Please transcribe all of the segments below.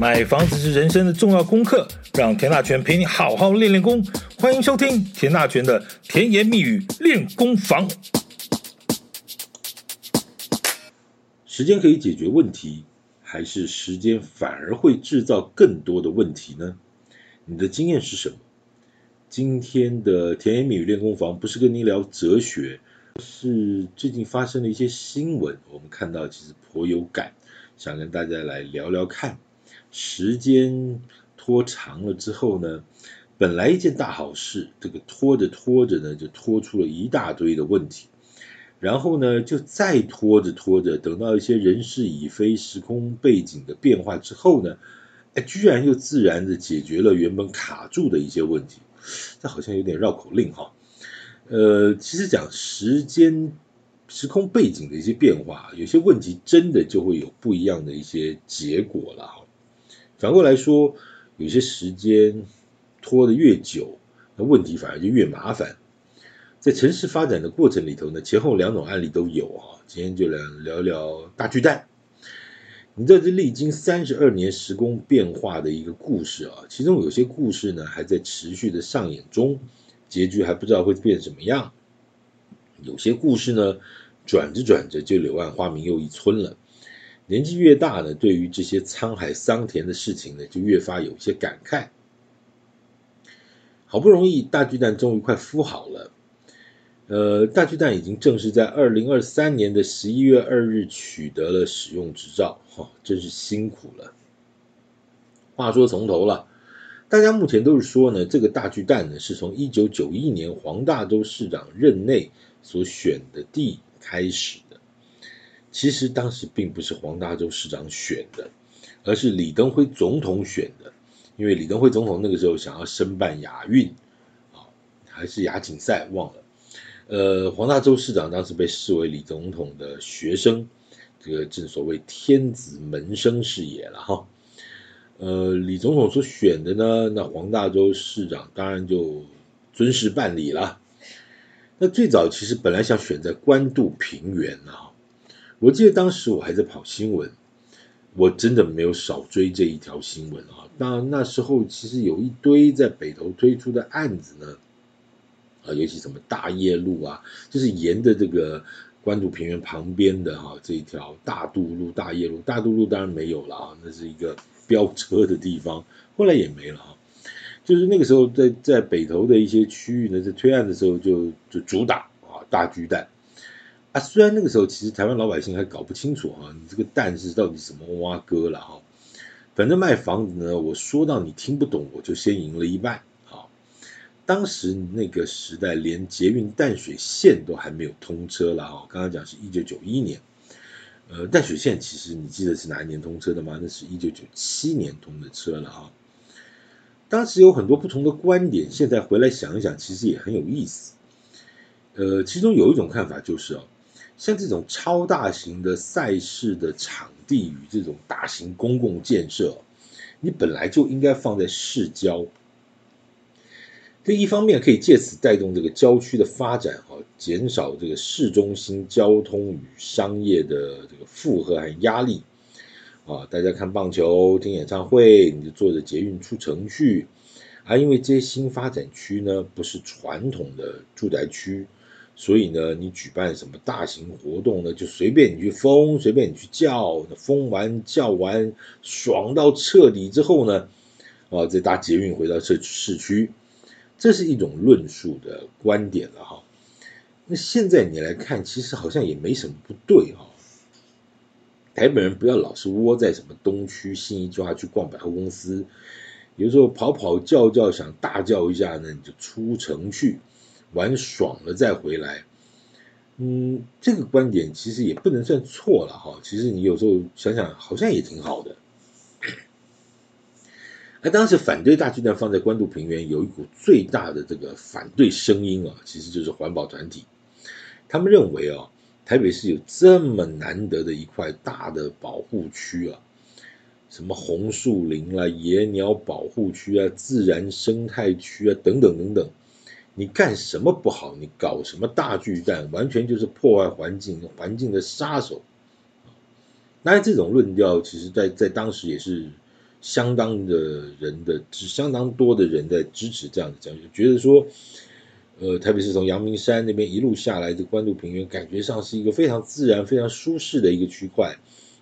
買房子是人生的重要功課，讓田大權陪你好好練練功。歡迎收聽田大權的甜言蜜語練功房。時間可以解決問題，還是時間反而會制造更多的問題呢？你的經驗是什麼？今天的甜言蜜語練功房不是跟您聊哲學，是最近發生了一些新聞，我們看到其實頗有感，想跟大家來聊聊看。時間拖長了之後呢，本來一件大好事，這個拖着拖着呢，就拖出了一大堆的問題。然後呢，就再拖着拖着，等到一些人事已非、時空背景的變化之後呢，哎，居然又自然的解決了原本卡住的一些問題。這好像有點繞口令哈。呃，其實講時間、時空背景的一些變化，有些問題真的就會有不一樣的一些結果了。反過來說，有些時間拖得越久，那問題反而就越麻煩。在城市發展的過程裡頭呢，前後兩種案例都有啊。今天就來聊一聊大巨蛋，你在這歷經三十二年時空變化的一個故事啊，其中有些故事呢還在持續的上演中，結局還不知道會變什麼樣。有些故事呢，轉着轉着就柳暗花明又一村了。年紀越大呢，對於這些滄海桑田的事情呢，就越發有些感慨。好不容易大巨蛋終於快孵好了，呃，大巨蛋已經正式在二零二三年的十一月二日取得了使用執照，哈、哦，真是辛苦了。話說從頭了，大家目前都是說呢，這個大巨蛋呢，是從一九九一年黃大洲市長任內所選的地開始。其實當時並不是黃大洲市長選的，而是李登輝總統選的。因為李登輝總統那個時候想要申辦亞運，哦、還是亞錦賽忘了。呃，黃大洲市長當時被視為李總統的學生，這個正所謂天子門生是也了哈。呃，李總統所選的呢，那黃大洲市長當然就尊師辦理了。那最早其實本來想選在關渡平原啊。我記得當時我還在跑新聞，我真的沒有少追這一條新聞啊。那那時候其實有一堆在北投推出的案子呢，啊，尤其什麼大業路啊，就是沿着這個關渡平原旁邊的哈、啊、這一條大度路、大業路。大度路當然沒有了啊，那是一個飆車的地方，後來也沒了啊。就是那個時候在在北投的一些區域呢，在推案的時候就就主打啊大巨蛋。啊、雖然那個時候，其實台灣老百姓還搞不清楚啊，你這個蛋是到底什麼碗糕了哈、啊。反正賣房子呢，我說到你聽不懂，我就先贏了一半啊。當時那個時代，連捷運淡水線都還沒有通車了哈、啊。剛剛講是一九九一年，呃，淡水線其實你記得是哪一年通車的嗎？那是一九九七年通的車了啊。當時有很多不同的觀點，現在回來想一想，其實也很有意思。呃，其中有一種看法就是啊像這種超大型的賽事的場地與這種大型公共建設，你本來就應該放在市郊。這一方面可以借此帶動這個郊區的發展啊，減少這個市中心交通與商業的這個負荷和壓力。啊，大家看棒球、聽演唱會，你就坐着捷運出城去。啊，因為這些新發展區呢，不是傳統的住宅區。所以呢，你舉辦什麼大型活動呢？就隨便你去瘋，隨便你去叫，那瘋完叫完，爽到徹底之後呢，啊、哦，再搭捷運回到市市區，這是一種論述的觀點了哈。那現在你來看，其實好像也沒什麼不對哈、啊。台北人不要老是窩在什麼東區、信義抓去逛百貨公司，有時候跑跑叫叫，想大叫一下呢，你就出城去。玩爽了再回來，嗯，這個觀點其實也不能算錯了哈。其實你有時候想想，好像也挺好的。啊，當時反對大巨蛋放在關渡平原，有一股最大的這個反對聲音啊，其實就是環保團體。他們認為啊，台北市有這麼難得的一塊大的保護區啊，什麼紅樹林啦、啊、野鳥保護區啊、自然生態區啊、等等等等。你幹什麼不好？你搞什麼大巨蛋，完全就是破壞環境、環境的殺手。那這種論調，其實在在當時也是相當的人的，相當多的人在支持這樣的講，覺得說，呃，特別是從陽明山那邊一路下來的關渡平原，感覺上是一個非常自然、非常舒適的一個區塊。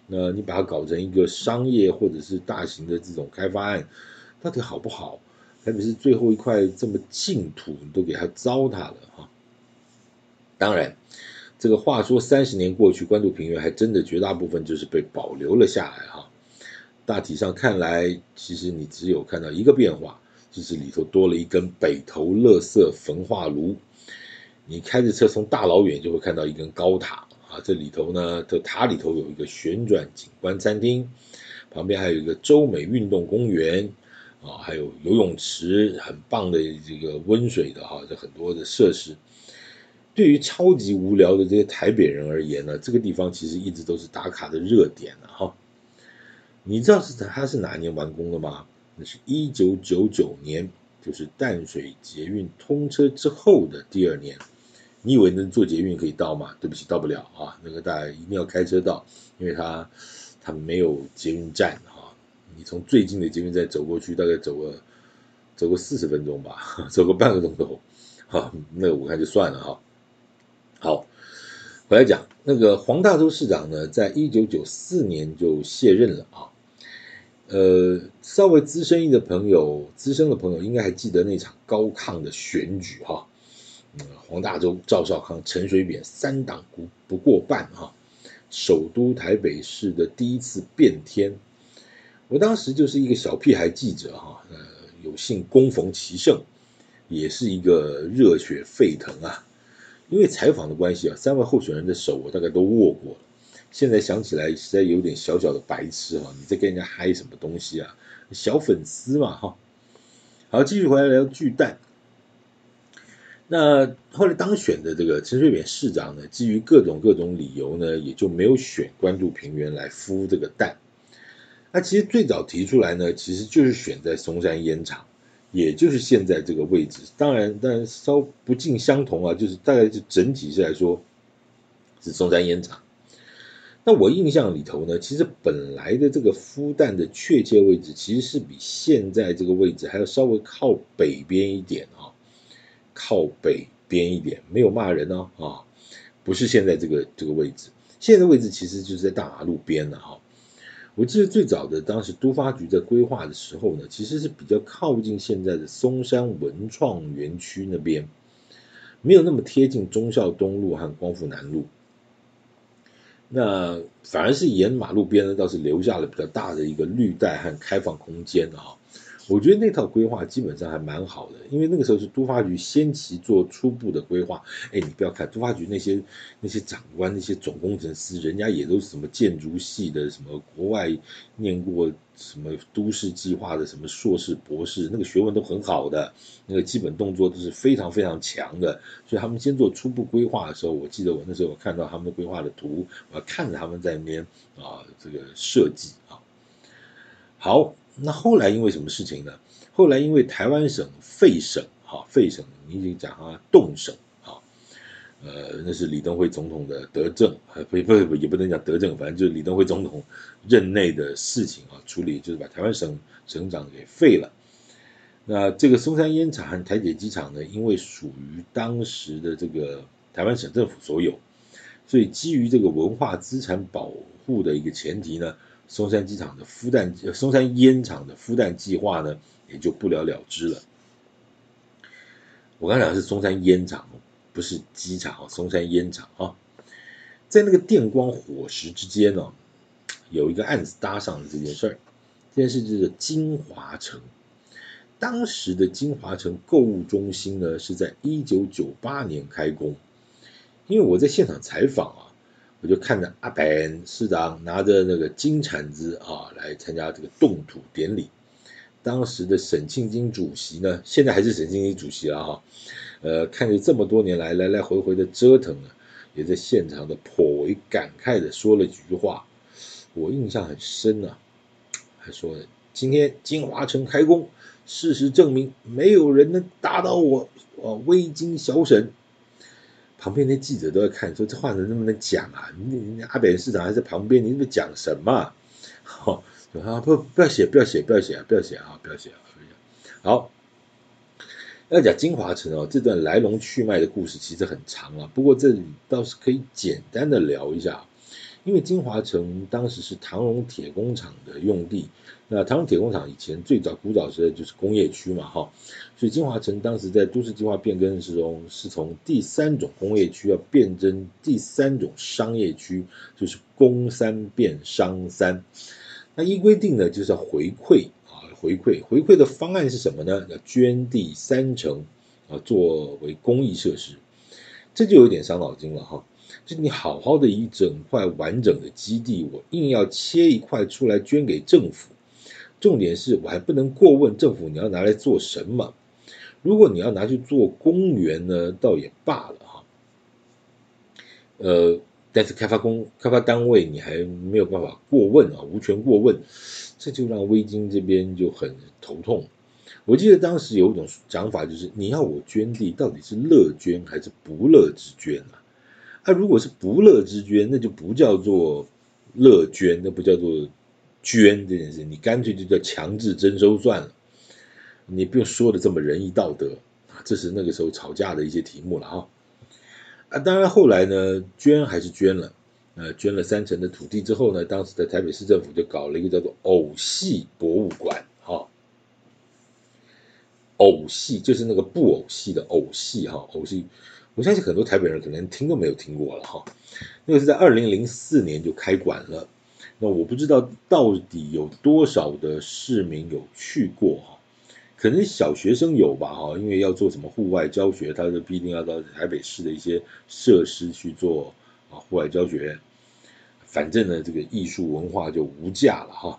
那，呃，你把它搞成一個商業或者是大型的這種開發案，到底好不好？特別是最後一塊這麼淨土你都給它糟蹋了哈、啊。當然，這個話說三十年過去，關渡平原還真的絕大部分就是被保留了下來哈、啊。大體上看來，其實你只有看到一個變化，就是裡頭多了一根北投垃圾焚化爐。你開着車從大老遠就會看到一根高塔啊，這裡頭呢，這塔裡頭有一個旋轉景觀餐廳，旁邊還有一個洲美運動公園。啊、哦，還有游泳池，很棒的這個溫水的哈、哦，這很多的設施。對於超級無聊的這些台北人而言呢，這個地方其實一直都是打卡的熱點了、啊、哈、哦。你知道是它，它是哪一年完工的嗎？那是一九九九年，就是淡水捷運通車之後的第二年。你以為能坐捷運可以到嗎？對不起，到不了啊，那個大家一定要開車到，因為它它沒有捷運站。你從最近的捷運再走過去，大概走個，走個四十分鐘吧，走個半個鐘頭，哈，那個我看就算了哈。好，回來講那個黃大洲市長呢，在一九九四年就卸任了啊。呃，稍微資深一點的朋友，資深的朋友應該還記得那場高亢的選舉哈。嗯、黃大洲、趙少康、陳水扁三黨不不過半哈。首都台北市的第一次變天。我當時就是一個小屁孩記者哈，呃，有幸恭逢其盛，也是一個熱血沸騰啊！因為採訪的關係啊，三位候選人的手我大概都握過了。現在想起來實在有點小小的白痴哈，你在跟人家嗨什麼東西啊？小粉絲嘛哈。好，繼續回來聊巨蛋。那後來當選的這個陳水扁市長呢，基於各種各種理由呢，也就沒有選關渡平原來孵這個蛋。他、啊、其實最早提出來呢，其實就是選在松山菸廠，也就是現在這個位置。當然，當然稍不盡相同啊，就是大概就整體是來說是松山菸廠。那我印象裡頭呢，其實本來的這個孵蛋的確切位置，其實是比現在這個位置還要稍微靠北邊一點啊，靠北邊一點。沒有罵人啊，啊不是現在這個這個位置，現在的位置其實就是在大馬路邊啊。哈。我記得最早的當時都發局在規劃的時候呢，其實是比較靠近現在的松山文創園區那邊，沒有那麼貼近忠孝東路和光復南路，那反而是沿馬路邊呢倒是留下了比較大的一個綠帶和開放空間的、哦我覺得那套規劃基本上還蠻好的，因為那個時候是都發局先期做初步的規劃。哎，你不要看都發局那些那些長官、那些總工程師，人家也都是什麼建築系的，什麼國外念過什麼都市計劃的，什麼碩士、博士，那個學問都很好的，那個基本動作都是非常非常強的。所以他們先做初步規劃的時候，我記得我那時候我看到他們的規劃的圖，我看着他們在那邊啊、呃、這個設計啊，好。那後來因為什麼事情呢？後來因為台灣省廢省哈、啊、廢省，你已經講啊，凍省哈、啊。呃，那是李登輝總統的德政啊，不不不，也不能講德政，反正就是李登輝總統任內的事情啊，處理就是把台灣省省長給廢了。那這個松山煙廠和台鐵機場呢，因為屬於當時的這個台灣省政府所有，所以基於這個文化資產保護的一個前提呢。松山機場的孵蛋，呃，松山菸廠的孵蛋計劃呢，也就不了了之了。我剛才講的是松山菸廠，不是機場，松山菸廠啊。在那個電光火石之間呢，有一個案子搭上了這件事兒。這件事就是這京華城，當時的京華城購物中心呢，是在一九九八年開工，因為我在現場採訪啊。我就看着阿扁市長拿着那個金鏟子啊，來參加這個動土典禮。當時的沈慶京主席呢，現在還是沈慶京主席啊。哈。呃，看着這麼多年來來來回回的折騰啊，也在現場的頗為感慨的說了幾句話，我印象很深吶、啊。還說今天京華城開工，事實證明沒有人能打倒我，啊威京小沈。旁邊那記者都在看，說這話能不能講啊？你，你阿北市長還在旁邊，你怎麼講什麼？好、啊，不不要寫，不要寫，不要寫，不要寫啊，不要寫啊。好，要講京華城哦，這段來龍去脈的故事其實很長啊，不過這倒是可以簡單的聊一下。因為金華城當時是唐榮鐵工廠的用地，那唐榮鐵工廠以前最早古早時就是工業區嘛，哈，所以金華城當時在都市計劃變更之中，是從第三種工業區要變更第三種商業區，就是工三變商三。那依規定呢就是要回饋啊，回饋回饋的方案是什麼呢？要捐地三成啊作為公益設施，這就有點傷腦筋了哈。啊就你好好的一整塊完整的基地，我硬要切一塊出來捐給政府，重點是我還不能過問政府你要拿來做什麼。如果你要拿去做公園呢，倒也罷了哈、啊。呃，但是開發公開發單位你還沒有辦法過問啊，無權過問，這就讓威京這邊就很頭痛。我記得當時有一種講法就是，你要我捐地，到底是樂捐還是不樂之捐啊？他、啊、如果是不樂之捐，那就不叫做樂捐，那不叫做捐這件事，你乾脆就叫強制徵收算了，你不用說的這麼仁義道德啊，這是那個時候吵架的一些題目了哈，啊，當然後來呢，捐還是捐了，呃，捐了三成的土地之後呢，當時的台北市政府就搞了一個叫做偶戲博物館，哈，偶戲就是那個布偶戲的偶戲，哈，偶戲。我相信很多台北人可能聽都沒有聽過了哈，那個是在二零零四年就開館了，那我不知道到底有多少的市民有去過哈，可能小學生有吧哈，因為要做什麼戶外教學，他就必定要到台北市的一些設施去做啊戶外教學，反正呢，這個藝術文化就無價了哈，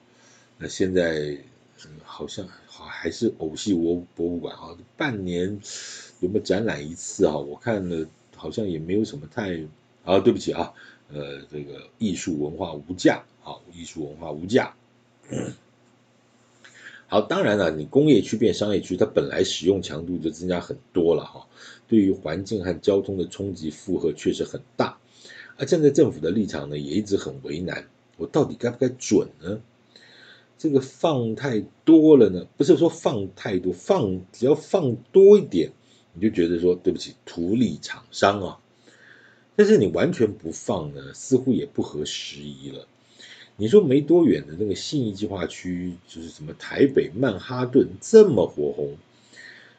那現在，嗯，好像還是偶戲博博物館哈半年，有沒有展覽一次啊？我看了好像也沒有什麼太啊，對不起啊，呃，這個藝術文化無價啊，藝術文化無價、嗯。好，當然了，你工業區變商業區，它本來使用強度就增加很多了哈、啊，對於環境和交通的衝擊負荷確實很大。啊，站在政府的立場呢，也一直很為難，我到底該不該准呢？這個放太多了呢？不是說放太多，放只要放多一點。你就覺得說對不起，圖利廠商啊，但是你完全不放呢，似乎也不合時宜了。你說沒多遠的那個信義計劃區，就是什麼台北曼哈頓這麼火紅，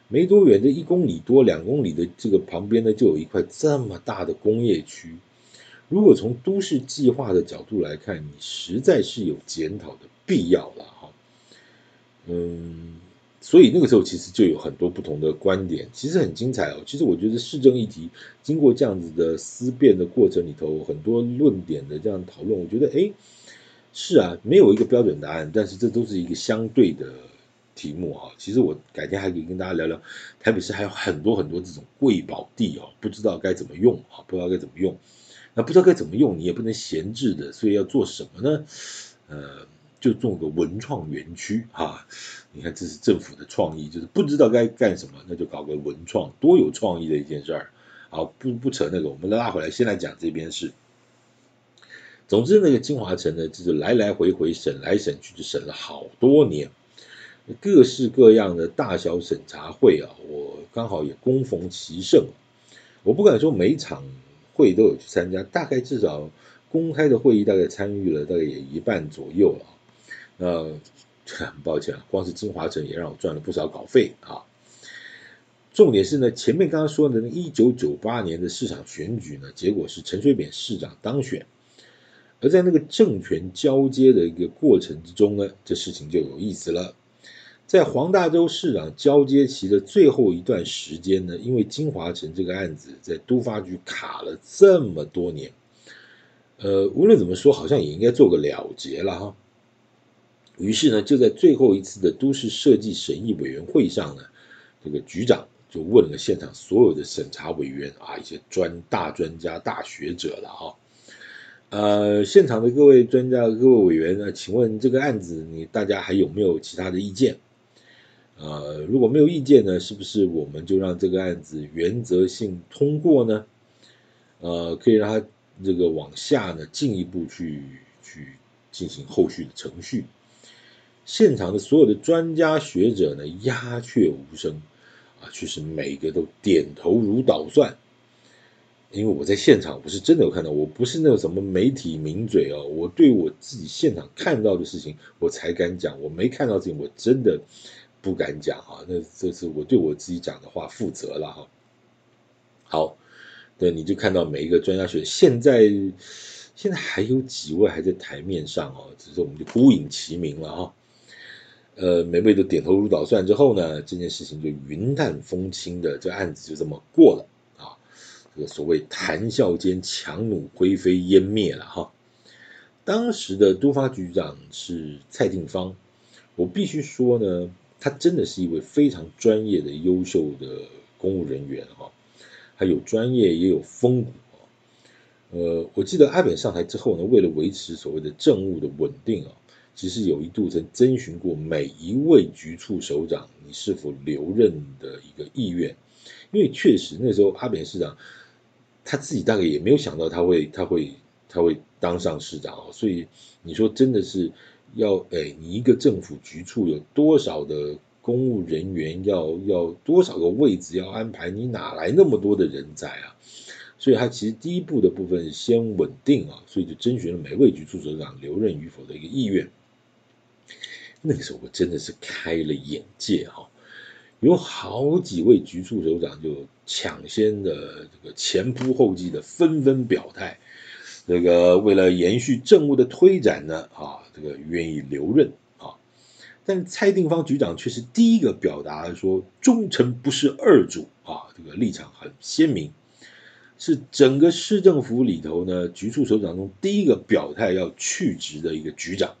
沒多遠的一公里多、兩公里的這個旁邊呢，就有一塊這麼大的工業區。如果從都市計劃的角度來看，你實在是有檢討的必要了哈。嗯。所以那個時候其實就有很多不同的觀點，其實很精彩哦。其實我覺得市政議題經過這樣子的思辨的過程裡頭，很多論點的這樣討論，我覺得誒，是啊，沒有一個標準答案，但是這都是一個相對的題目啊、哦。其實我改天還可以跟大家聊聊台北市還有很多很多這種貴寶地哦，不知道該怎麼用啊，不知道該怎麼用，那不知道該怎麼用，你也不能閒置的，所以要做什麼呢？呃。就做個文創園區啊！你看，這是政府的創意，就是不知道該幹什麼，那就搞個文創，多有創意的一件事兒。好，不不扯那個，我們拉回來先來講這邊事。總之，那個京華城呢，就是來來回回審來審去，就審了好多年，各式各樣的大小審查會啊，我剛好也恭逢其盛，我不敢說每場會都有去參加，大概至少公開的會議大概參與了，大概也一半左右了。呃，很抱歉啊，光是金華城也讓我賺了不少稿費啊。重點是呢，前面剛剛說的，一九九八年的市長選舉呢，結果是陳水扁市長當選。而在那個政權交接的一個過程之中呢，這事情就有意思了。在黃大洲市長交接期的最後一段時間呢，因為金華城這個案子在都發局卡了這麼多年，呃，無論怎麼說，好像也應該做個了結了哈。於是呢，就在最後一次的都市設計審議委員會上呢，這個局長就問了現場所有的審查委員啊，一些專大專家、大學者了啊、哦，呃，現場的各位專家、各位委員呢，請問這個案子你大家還有沒有其他的意見？呃，如果沒有意見呢，是不是我們就讓這個案子原則性通過呢？呃，可以讓他這個往下呢進一步去去進行後續的程序。現場的所有的專家學者呢，鴉雀無聲啊，確實每個都點頭如搗蒜。因為我在現場，我是真的有看到，我不是那種什麼媒體名嘴哦，我對我自己現場看到的事情，我才敢講。我沒看到事情，我真的不敢講啊。那這是我對我自己講的話負責了哈、啊。好，對，你就看到每一個專家學者，現在現在還有幾位還在台面上哦、啊，只是我們就姑隱其名了哈、啊。呃，每位都點頭如搗蒜之後呢，這件事情就雲淡風輕的，這案子就這麼過了啊。這個所謂談笑間，檣櫓灰飛煙滅了哈。當時的都發局長是蔡定芳，我必須說呢，他真的是一位非常專業的、優秀的公務人員哈，他、啊、有專業，也有風骨。呃、啊，我記得阿扁上台之後呢，為了維持所謂的政務的穩定啊。其實有一度曾徵詢過每一位局處首長，你是否留任的一個意願，因為確實那時候阿扁市長他自己大概也沒有想到他會，他會他會他會當上市長，所以你說真的是要哎，你一個政府局處有多少的公務人員要要多少個位置要安排，你哪來那麼多的人才啊？所以他其實第一步的部分先穩定啊，所以就徵詢了每位局處首長留任與否的一個意願。那個時候我真的是開了眼界哈、啊，有好幾位局處首長就搶先的這個前仆後繼的紛紛表態，這個為了延續政務的推展呢，啊，這個願意留任啊，但蔡定方局長卻是第一個表達說忠臣不事二主啊，這個立場很鮮明，是整個市政府裡頭呢，局處首長中第一個表態要去職的一個局長。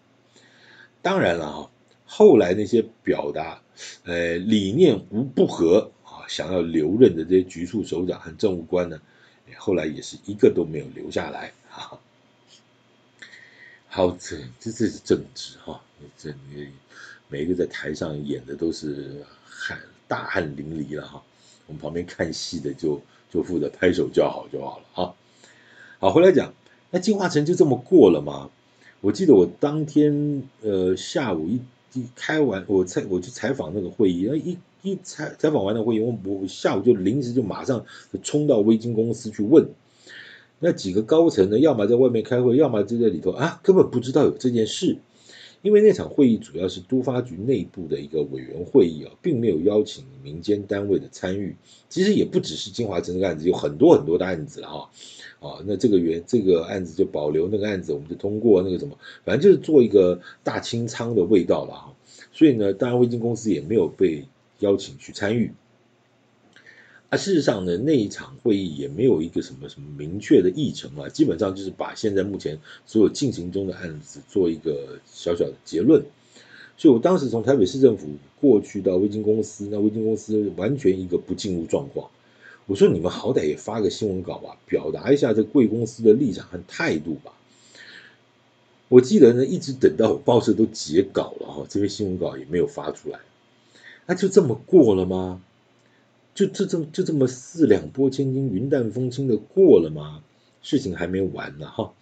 當然了哈，後來那些表達，呃，理念無不合啊，想要留任的這些局處首長和政務官呢，後來也是一個都沒有留下來。好，這這這是政治哈、啊，這每每一個在台上演的都是汗大汗淋漓了哈、啊，我們旁邊看戲的就就負責拍手叫好就好了哈、啊。好，回來講，那京華城就這麼過了嗎？我記得我當天呃下午一一開完，我我去採訪那個會議，一一採採訪完的會議我，我下午就臨時就馬上衝到微金公司去問，那幾個高層呢，要麼在外面開會，要麼就在裡頭啊，根本不知道有這件事。因為那場會議主要是都發局內部的一個委員會議啊，並沒有邀請民間單位的參與。其實也不只是京華城這個案子，有很多很多的案子啦。啊。啊，那這個原這個案子就保留那個案子，我們就通過那個什麼，反正就是做一個大清倉的味道了哈，所以呢，當然威京公司也沒有被邀請去參與。啊，事實上呢，那一場會議也沒有一個什麼什麼明確的議程啊，基本上就是把現在目前所有進行中的案子做一個小小的結論。所以，我當時從台北市政府過去到威京公司，那威京公司完全一個不進入狀況。我說，你們好歹也發個新聞稿吧，表達一下這貴公司的立場和態度吧。我記得呢，一直等到我報社都截稿了哈、哦，這篇新聞稿也沒有發出來，那、啊、就這麼過了嗎？就這這麼就這麼四兩撥千斤、雲淡風輕的過了嗎？事情還沒完呢，哈。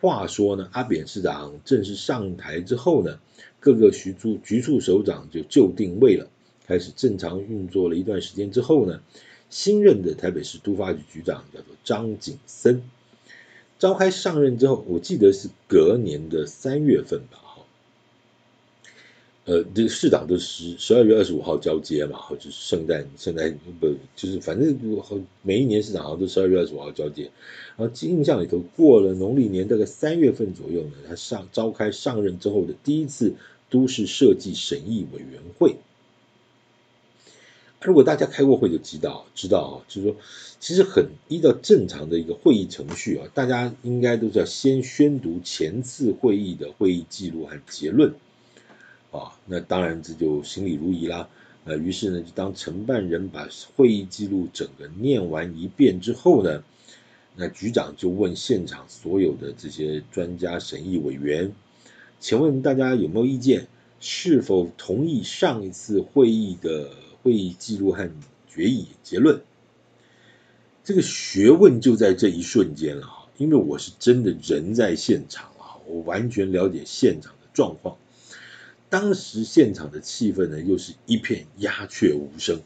話說呢，阿扁市長正式上台之後呢，各個局處局處首長就就定位了，開始正常運作了一段時間之後呢，新任的台北市都發局局長叫做張景森，召開上任之後，我記得是隔年的三月份吧。呃，這個、市長都十十二月二十五號交接嘛，就是聖誕聖誕不就是反正每一年市長好像都十二月二十五號交接，然後印象裡頭過了農曆年大概三月份左右呢，他上召開上任之後的第一次都市設計審議委員會。啊、如果大家開過會就知道，知道、啊、就是說，其實很依照正常的一個會議程序啊，大家應該都是要先宣讀前次會議的會議記錄和結論。啊、哦，那當然這就行禮如儀啦。呃，於是呢，就當承辦人把會議記錄整個念完一遍之後呢，那局長就問現場所有的這些專家審議委員，請問大家有沒有意見？是否同意上一次會議的會議記錄和決議結論？這個學問就在這一瞬間了，啊、哈，因為我是真的人在現場啊，我完全了解現場的狀況。當時現場的氣氛呢，又是一片鴉雀無聲。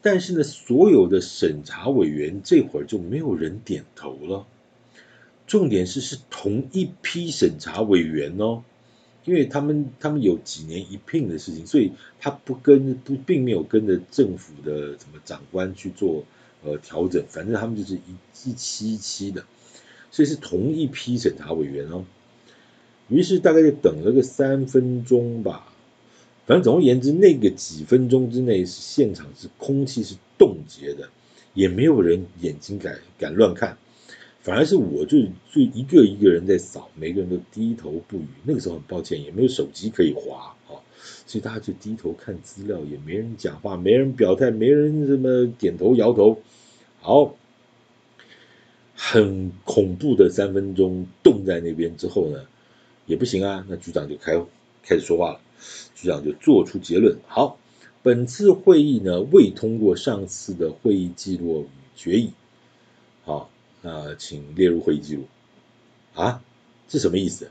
但是呢，所有的審查委員這會兒就沒有人點頭了。重點是是同一批審查委員哦，因為他們他們有幾年一聘的事情，所以他不跟不並沒有跟着政府的什麼長官去做呃調整，反正他們就是一一期一期的，所以是同一批審查委員哦。於是大概就等了個三分鐘吧，反正總而言之，那個幾分鐘之內是現場是空氣是凍結的，也沒有人眼睛敢敢亂看，反而是我就就一個一個人在掃，每個人都低頭不語。那個時候很抱歉，也沒有手機可以滑啊、哦，所以大家就低頭看資料，也沒人講話，沒人表態，沒人什麼，點頭搖頭。好，很恐怖的三分鐘凍在那邊之後呢，也不行啊，那局長就開開始說話了，局長就做出結論。好，本次會議呢，未通過上次的會議記錄與決議，好，那請列入會議記錄。啊，這什麼意思？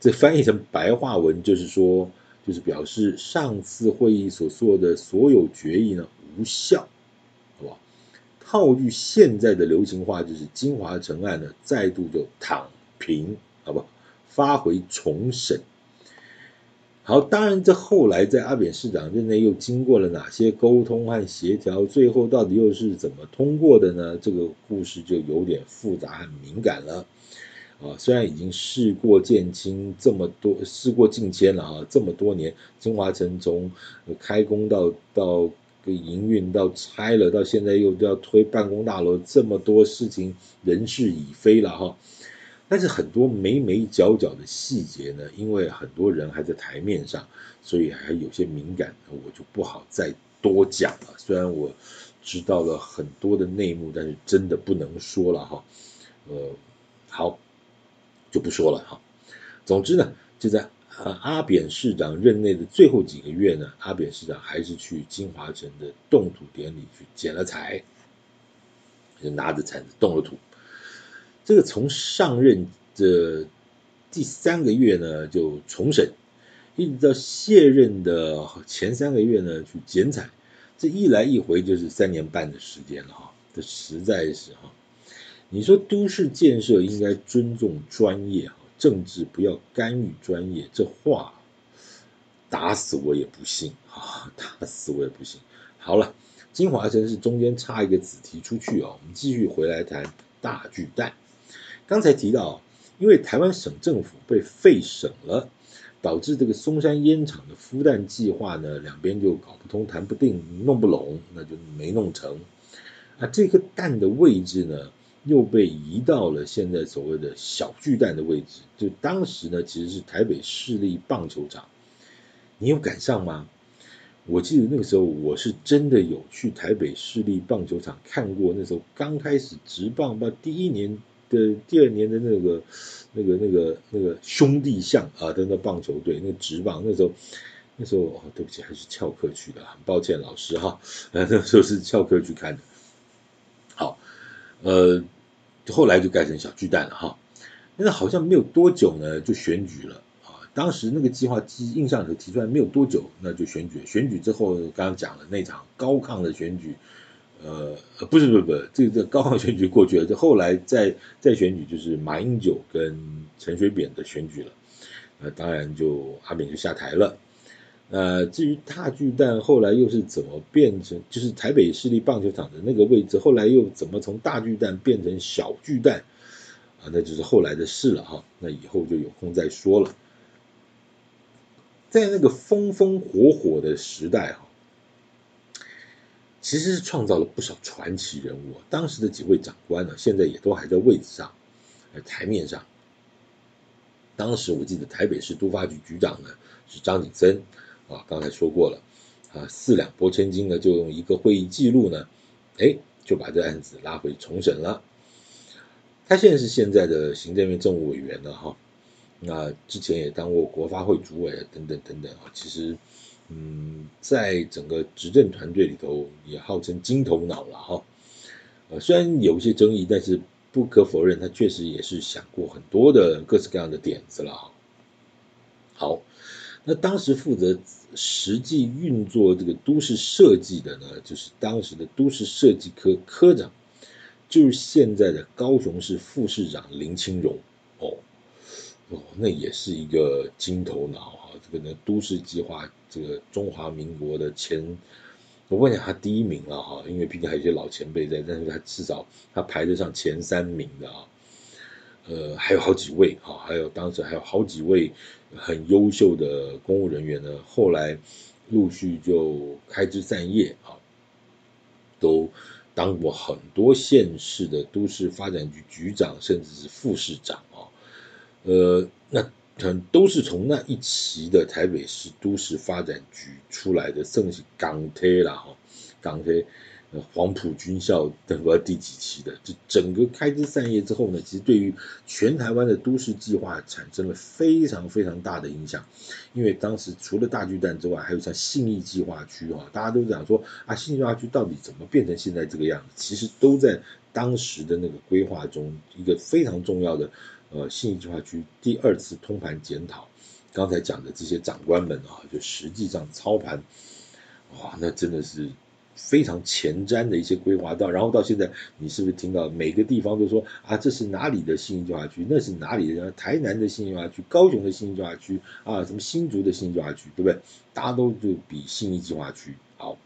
這翻譯成白話文就是說，就是表示上次會議所做的所有決議呢，無效，好不好？套句現在的流行話就是京華城案呢，再度就躺平，好不好？發回重審。好，當然這後來在阿扁市長任內又經過了哪些溝通和協調，最後到底又是怎麼通過的呢？這個故事就有點複雜，很敏感了。啊，雖然已經事過境清，這麼多事過境遷了啊，這麼多年，京華城從開工到到營運到拆了，到現在又要推辦公大樓，這麼多事情人事已非了哈。但是很多眉眉角角的細節呢，因為很多人還在台面上，所以還有些敏感，我就不好再多講了。雖然我知道了很多的內幕，但是真的不能說了哈。呃，好，就不說了哈。總之呢，就在阿扁市長任內的最後幾個月呢，阿扁市長還是去京華城的動土典禮去剪了彩，就拿着鏟子動了土。這個從上任的第三個月呢，就重審，一直到卸任的前三個月呢去剪彩。這一來一回就是三年半的時間了哈，這實在是哈，你說都市建設應該尊重專業，政治不要干預專業，這話打死我也不信，打死我也不信。好了，京華城是中間插一個子題出去啊，我們繼續回來談大巨蛋。剛才提到，因為台灣省政府被廢省了，導致這個松山煙廠的孵蛋計劃呢，兩邊就搞不通、談不定、弄不攏，那就沒弄成。啊，這個蛋的位置呢，又被移到了現在所謂的小巨蛋的位置。就當時呢，其實是台北市立棒球場。你有趕上嗎？我記得那個時候，我是真的有去台北市立棒球場看過。那時候剛開始職棒，吧？第一年。第二年的那個，那個那個、那個、那個兄弟象啊的那棒球隊，那職棒那時候，那時候哦，對不起，還是翹課去的，很抱歉老師哈，呃、啊，那時候是翹課去看的。好，呃，後來就改成小巨蛋了哈，那個、好像沒有多久呢，就選舉了啊。當時那個計劃機印象裡提出來沒有多久，那就選舉了。選舉之後，剛剛講了那場高亢的選舉。呃，不是，不是不是，這個高考選舉過去了，這後來再再選舉就是馬英九跟陳水扁的選舉了，呃，當然就阿扁就下台了，呃，至於大巨蛋後來又是怎麼變成，就是台北市立棒球場的那個位置，後來又怎麼從大巨蛋變成小巨蛋，啊、呃，那就是後來的事了哈，那以後就有空再說了，在那個風風火火的時代哈。其實是創造了不少傳奇人物、啊，當時的幾位長官呢，現在也都還在位子上、台面上。當時我記得台北市都發局局長呢是張景森，啊，剛才說過了，啊，四兩撥千斤呢，就用一個會議記錄呢，哎，就把這案子拉回重審了。他現在是現在的行政院政務委員了哈，那之前也當過國發會主委啊，等等等等啊，其實。嗯，在整個執政團隊裡頭，也號稱“金頭腦”了哈。呃，雖然有一些爭議，但是不可否認，他確實也是想過很多的各式各樣的點子了。好，那當時負責實際運作這個都市設計的呢，就是當時的都市設計科科長，就是現在的高雄市副市長林清榮哦。哦、那也是一個金頭腦啊！這個呢，都市計劃，這個中華民國的前，我問一下他第一名了、啊、哈，因為畢竟還有一些老前輩在，但是他至少他排得上前三名的啊。呃，還有好幾位哈，還有當時還有好幾位很優秀的公務人員呢，後來陸續就開枝散葉啊，都當過很多縣市的都市發展局局長，甚至是副市長。呃，那很都是從那一期的台北市都市發展局出來的，甚至港鐵啦，哈，港鐵、呃、黃埔軍校等，不知道第幾期的，這整個開枝散葉之後呢，其實對於全台灣的都市計劃產生了非常非常大的影響。因為當時除了大巨蛋之外，還有像信義計劃區、哦，哈，大家都講說啊，信義計劃區到底怎麼變成現在這個樣子？其實都在當時的那個規劃中，一個非常重要的。呃，信義計劃區第二次通盤檢討，剛才講的這些長官們啊，就實際上操盤，哇，那真的是非常前瞻的一些規劃。到然後到現在，你是不是聽到每個地方都說啊，這是哪裡的信義計劃區？那是哪裡的？台南的信義計劃區，高雄的信義計劃區啊，什麼新竹的信義計劃區，對不對？大家都就比信義計劃區好，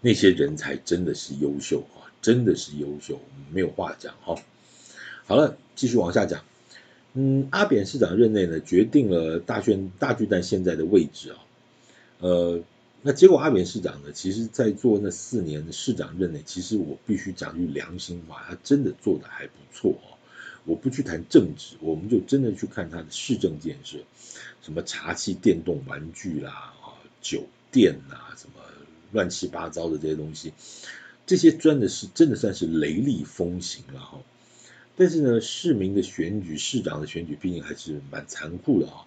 那些人才真的是優秀啊，真的是優秀，沒有話講哈。啊好了，繼續往下講。嗯，阿扁市長任內呢，決定了大選大巨蛋現在的位置啊、哦。呃，那結果阿扁市長呢，其實在做那四年的市長任內，其實我必須講句良心話，他真的做得還不錯哦。我不去談政治，我們就真的去看他的市政建設，什麼查緝、電動玩具啦啊、酒店啦、啊，什麼亂七八糟的這些東西，這些真的是真的算是雷厲風行了、啊、哈。但是呢，市民的選舉，市長的選舉，畢竟還是蠻殘酷的啊、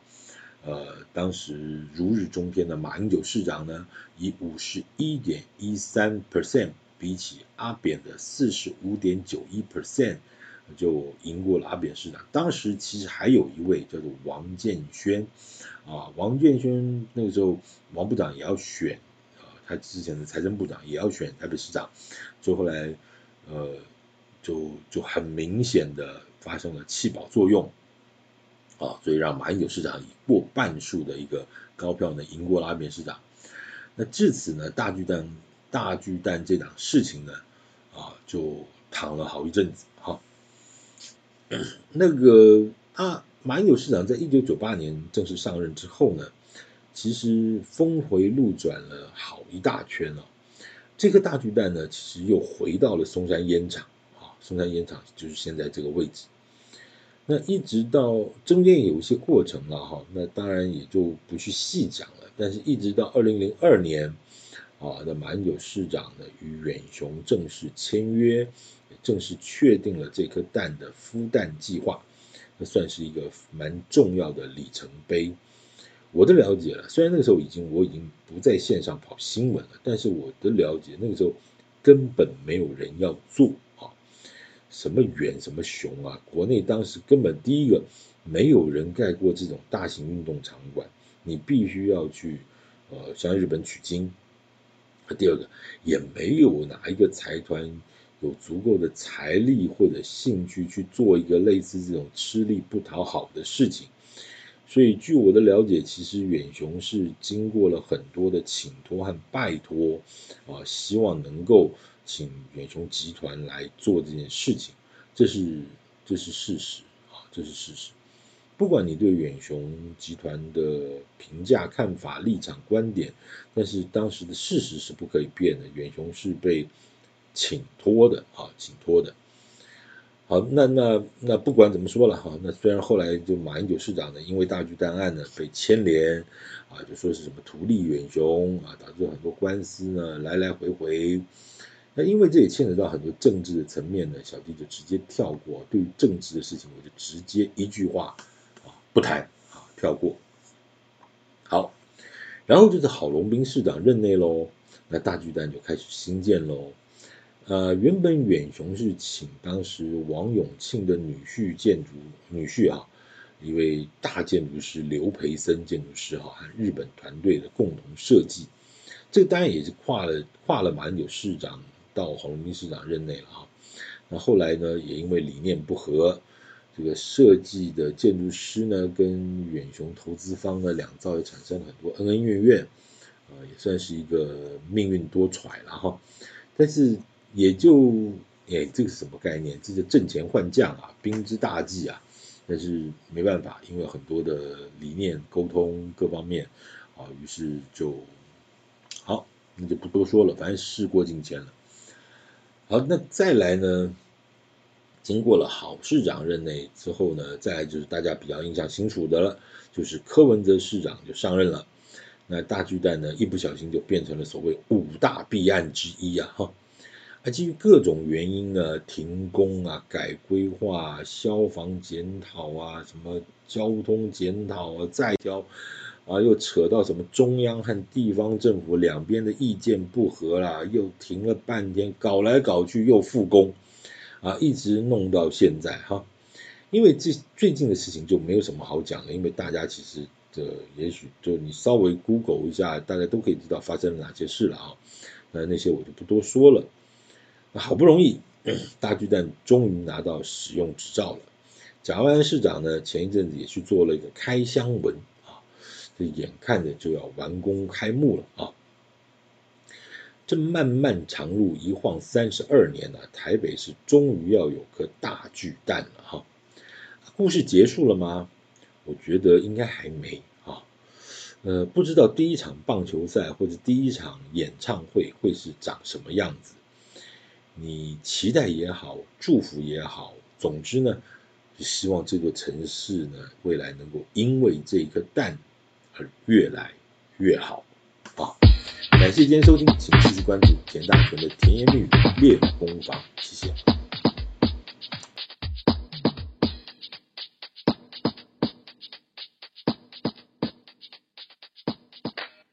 哦。呃，當時如日中天的馬英九市長呢，以五十一點一三 percent，比起阿扁的四十五點九一 percent，就贏過了阿扁市長。當時其實還有一位叫做王建煊啊，王建煊那個時候，王部長也要選啊，他之前的財政部長也要選台北市長，所以後來呃。就就很明顯的發生了棄保作用，啊，所以讓馬英九市長以過半數的一個高票呢贏過了阿扁市長。那至此呢，大巨蛋大巨蛋這檔事情呢，啊，就躺了好一陣子。哈、啊。 那個啊，馬英九市長在一九九八年正式上任之後呢，其實峰回路轉了好一大圈了、哦。這個大巨蛋呢，其實又回到了松山菸廠。松山菸廠就是現在這個位置。那一直到中間有一些過程了哈，那當然也就不去細講了。但是一直到二零零二年，啊，那馬英九市長呢與遠雄正式簽約，正式確定了這顆蛋的孵蛋計劃，那算是一個蠻重要的里程碑。我的了解了，雖然那個時候已經我已經不在線上跑新聞了，但是我的了解那個時候根本沒有人要做。什麼遠什麼雄啊！國內當時根本第一個沒有人蓋過這種大型運動場館，你必須要去呃向日本取經。第二個也沒有哪一個財團有足夠的財力或者興趣去做一個類似這種吃力不討好的事情。所以據我的了解，其實遠雄是經過了很多的請托和拜托啊、呃，希望能夠。請遠雄集團來做這件事情，這是這是事實啊，這是事實。不管你對遠雄集團的評價、看法、立場、觀點，但是當時的事實是不可以變的。遠雄是被請托的啊，請托的。好，那那那不管怎麼說了哈，那雖然後來就馬英九市長呢，因為大巨蛋案呢被牽連啊，就說是什麼圖利遠雄啊，導致很多官司呢來來回回。那因為這也牽扯到很多政治的層面呢，小弟就直接跳過。對於政治的事情，我就直接一句話啊，不談啊，跳過。好，然後就是郝龍斌市長任內嘍，那大巨蛋就開始興建嘍。呃，原本遠雄是請當時王永慶的女婿建築女婿啊，一位大建築師劉培森建築師哈、啊、和日本團隊的共同設計，這個當然也是跨了跨了蠻久市長。到郝龍斌市長任內了哈、啊，那後來呢，也因為理念不合，這個設計的建築師呢，跟遠雄投資方的兩造也產生了很多恩恩怨怨，啊、呃，也算是一個命運多舛了哈。但是也就哎，這個、是什麼概念？這個陣前換將啊，兵之大忌啊。但是沒辦法，因為很多的理念溝通各方面啊，於是就好，那就不多說了，反正事過境遷了。好，那再來呢？經過了郝市長任內之後呢，再來就是大家比較印象清楚的了，就是柯文哲市長就上任了。那大巨蛋呢，一不小心就變成了所謂五大弊案之一啊！哈、啊，而基於各種原因呢，停工啊，改規劃、消防檢討啊，什麼交通檢討啊，再交。啊，又扯到什麼中央和地方政府兩邊的意見不合啦，又停了半天，搞來搞去又復工，啊，一直弄到現在哈。因為這最近的事情就沒有什麼好講了，因為大家其實這也許就你稍微 Google 一下，大家都可以知道發生了哪些事了啊。那那些我就不多說了。那好不容易大巨蛋終於拿到使用執照了，蔣萬安市長呢前一陣子也去做了一個開箱文。這眼看着就要完工開幕了啊！這漫漫長路一晃三十二年了，啊，台北市終於要有顆大巨蛋了哈，啊！故事結束了嗎？我覺得應該還沒啊。呃，不知道第一場棒球賽或者第一場演唱會會是長什麼樣子，你期待也好，祝福也好，總之呢，希望這座城市呢未來能夠因為這顆蛋越來越好啊，感謝今天收聽，請繼續關注田大權的甜言蜜語練功房，謝謝。